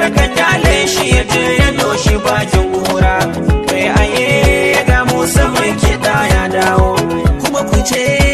karka kyale shi ya je ya doshi bakin gora mai aye ga musamman kiɗa ya dawo kuma ku ce